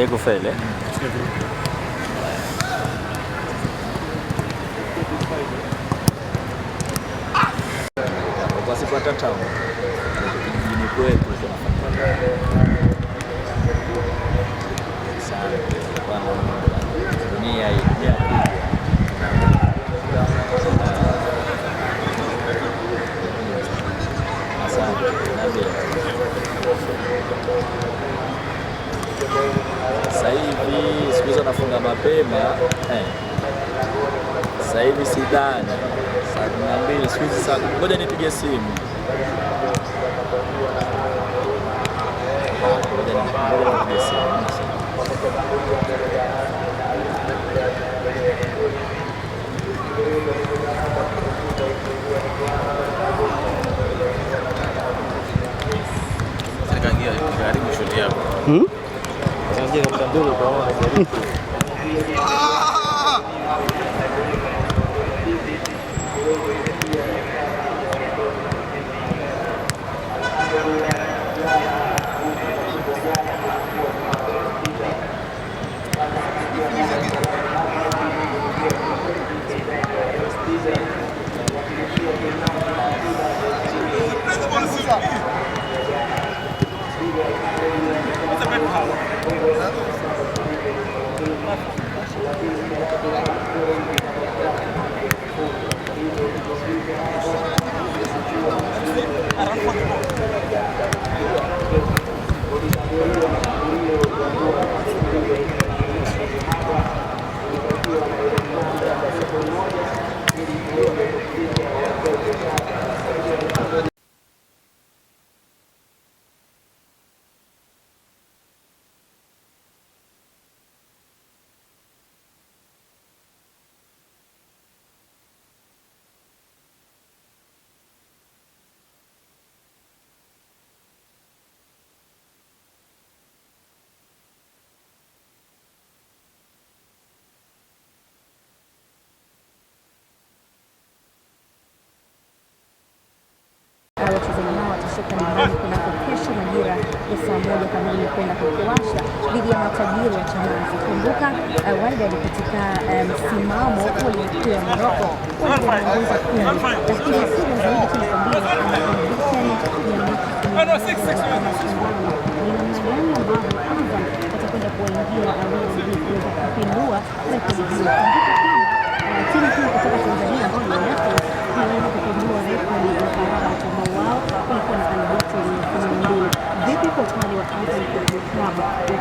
They go fail, eh? Wasipata tamu. Ni kwetu. Nipigie simu. Hmm? kutoka nyumbani kunako kesho majira ya saa moja kamili kwenda kukuwasha dhidi ya matajiri wa Chamazi. Kumbuka uh, Wydad katika eh, msimamo um, ule mkuu ya Morocco wanaongoza kundi, lakini asira zaidi tunakwambia atakwenda kuwaingia awezi kuweza kupindua na kuiua kutoka Tama.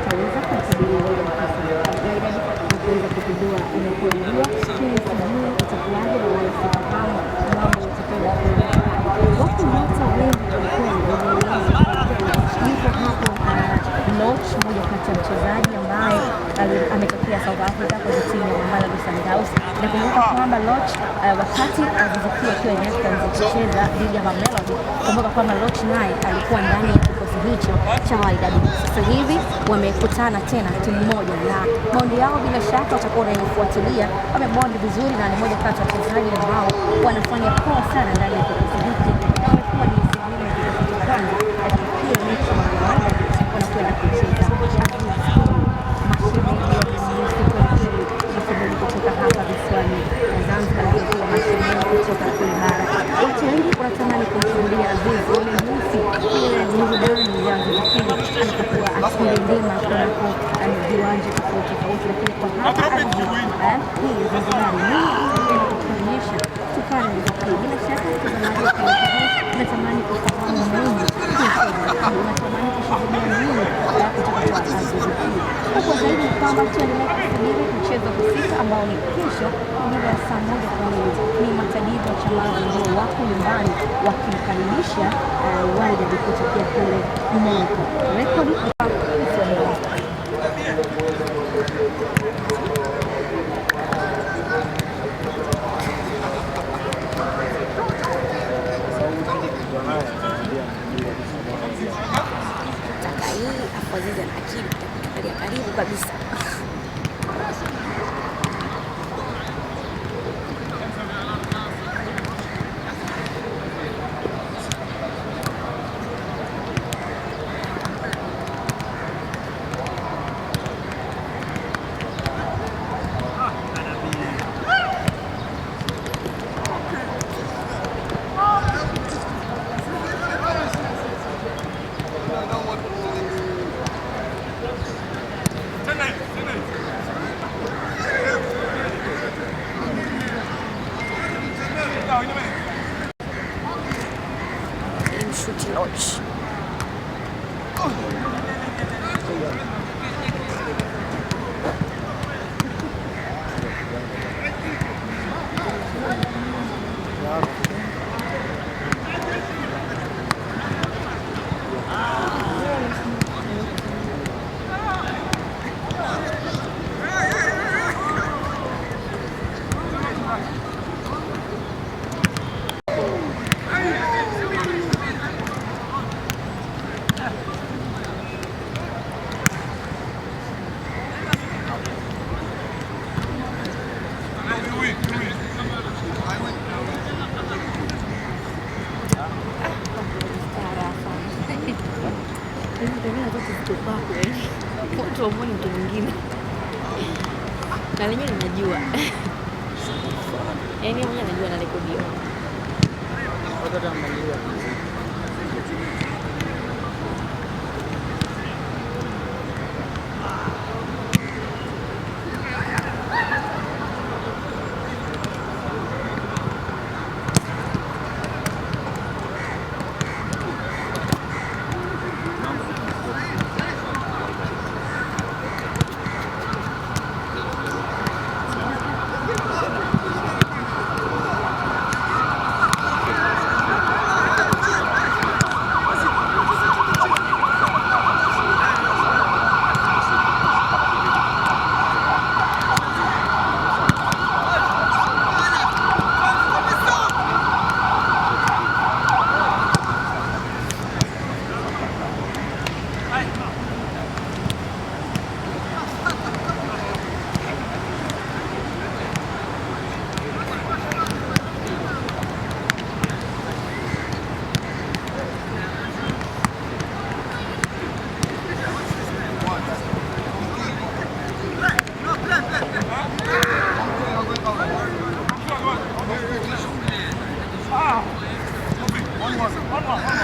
Kumbuka kwamba Loch eh, wakati Azizikia akiwa Nyastars akicheza dhidi ya Mamelodi, kumbuka kwamba Loch naye alikuwa ndani ya kikosi hicho cha Wydad. Sasa hivi wamekutana tena timu moja, na bondi yao bila shaka watakuwa wanaifuatilia. Wamebondi vizuri na ni moja kati ya wachezaji ambao wanafanya poa sana ndani ya kikosi hiki, amekuwa ni sehemu ya kikosi cha kwanza, lakini pia mechi wanakwenda kucheza Mwanza aliyekuwa mashuhuri kutoka Kiimara. Watu wengi wanatamani kumshuhudia Aziz, wamemhisi kile burudani ya Jumapili alipokuwa akirindima kunako viwanja tofauti tofauti, lakini kwa hapa eh, hii Zanzibari enda kutuonyesha sukari ya Jumapili. Bila shaka mtazamaji wa unatamani kufahamu nini, unatamani kushuhudia nini kutoka kwa Aziz, kubwa zaidi kwamba tuendelee sita ambao ni kesho majira ya saa moja kwa kamili. Ni matajiri wa chama ambao wako nyumbani wakimkaribisha uwanja eh, uh, kutokea kule Monaco rekodi hii Azizi akili, tutakuangalia karibu kabisa. lenyewe linajua, yaani mwenyewe anajua narekodiwa 我是 т в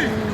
Ready? Hmm.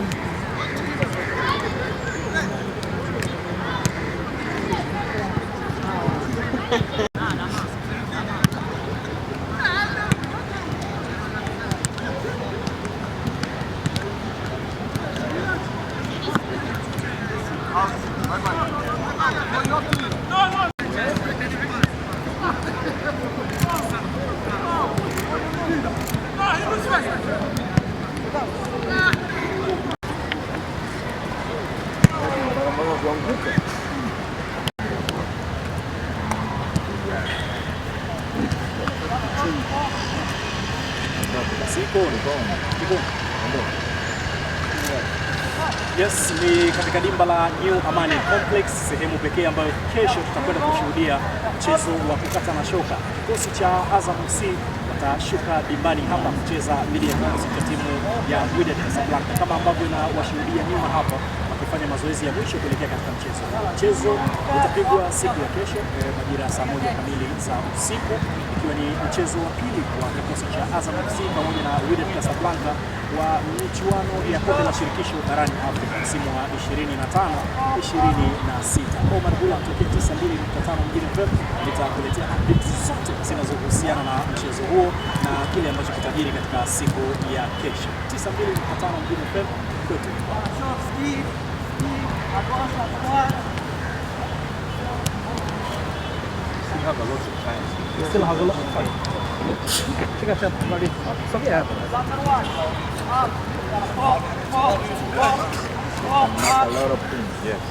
Yes, ni katika dimba la New Amani Complex, sehemu pekee ambayo kesho tutakwenda kushuhudia mchezo wa kukata na shoka. Kikosi cha Azam FC watashuka dimbani hapa kucheza dhidi ya kikosi cha timu ya Wydad Casablanca kama ambavyo na washuhudia nyuma hapa kufanya mazoezi ya mwisho kuelekea katika mchezo. Mchezo utapigwa siku ya kesho eh, majira ya saa moja kamili za usiku, ikiwa ni mchezo wa pili wa kikosi cha Azam FC pamoja na Wydad Casablanca wa michuano ya kombe la shirikisho barani Afrika msimu wa 25 26. Omar Gula tokea 92.5 mjini FM nitakuletea updates zote zinazohusiana na mchezo huo na kile ambacho kitajiri katika siku ya kesho. 92.5 mjini FM kwetu. have a lot of time. You still have a lot of time. ঠিক আছে আপনার Something happened. A lot of things, yes.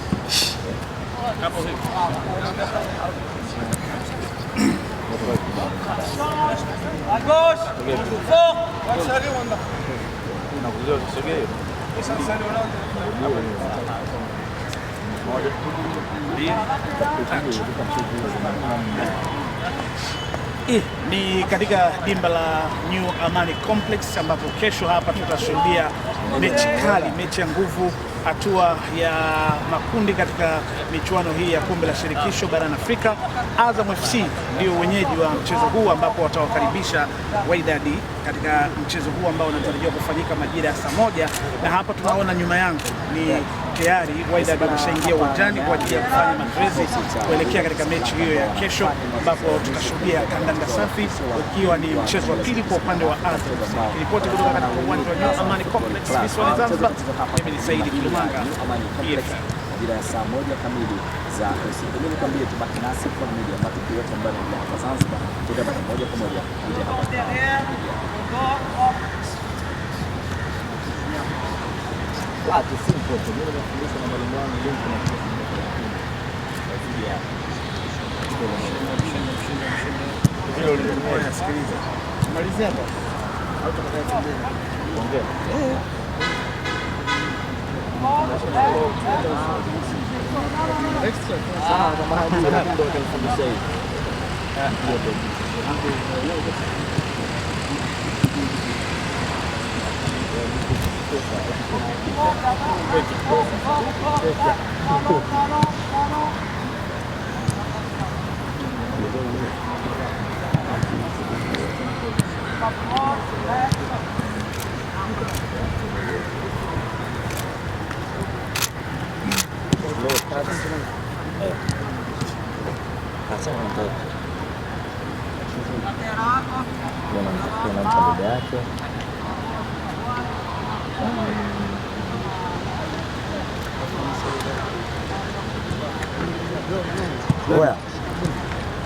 Agos! Moja eh, Ni katika dimba la New Amani Complex ambapo kesho hapa tutashuhudia mechi kali, mechi ya nguvu, hatua ya makundi katika michuano hii ya kombe la shirikisho barani Afrika. Azam FC ndio wenyeji wa mchezo huu ambapo watawakaribisha Wydad katika mchezo huu ambao unatarajiwa kufanyika majira ya saa moja, na hapa tunaona nyuma yangu ni tayari Wydad wameshaingia uwanjani kwa ajili ya kufanya mazoezi kuelekea katika mechi hiyo ya kesho, ambapo tutashuhudia kandanda safi ukiwa ni mchezo wa pili kwa upande wa Azam. Kiripoti kutoka katika uwanja wa New Amani Complex visiwani Zanzibar, mimi ni Saidi Kilumanga, majira ya saa moja kamili za usiku. Mimi nikwambie tubaki nasi kwa media ya matukio yote ambayo yanaendelea hapa Zanzibar, tutapata moja kwa moja kuja hapa Watu simple tu. Mimi nafundisha na mwalimu wangu leo kuna kitu kinachoendelea. Peki. Peki. Peki.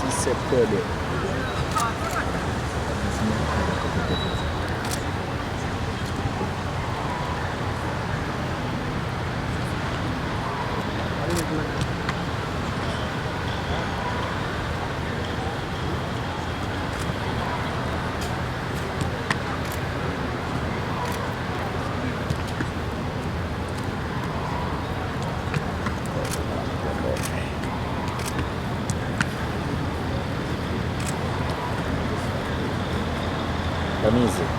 Si se Easy.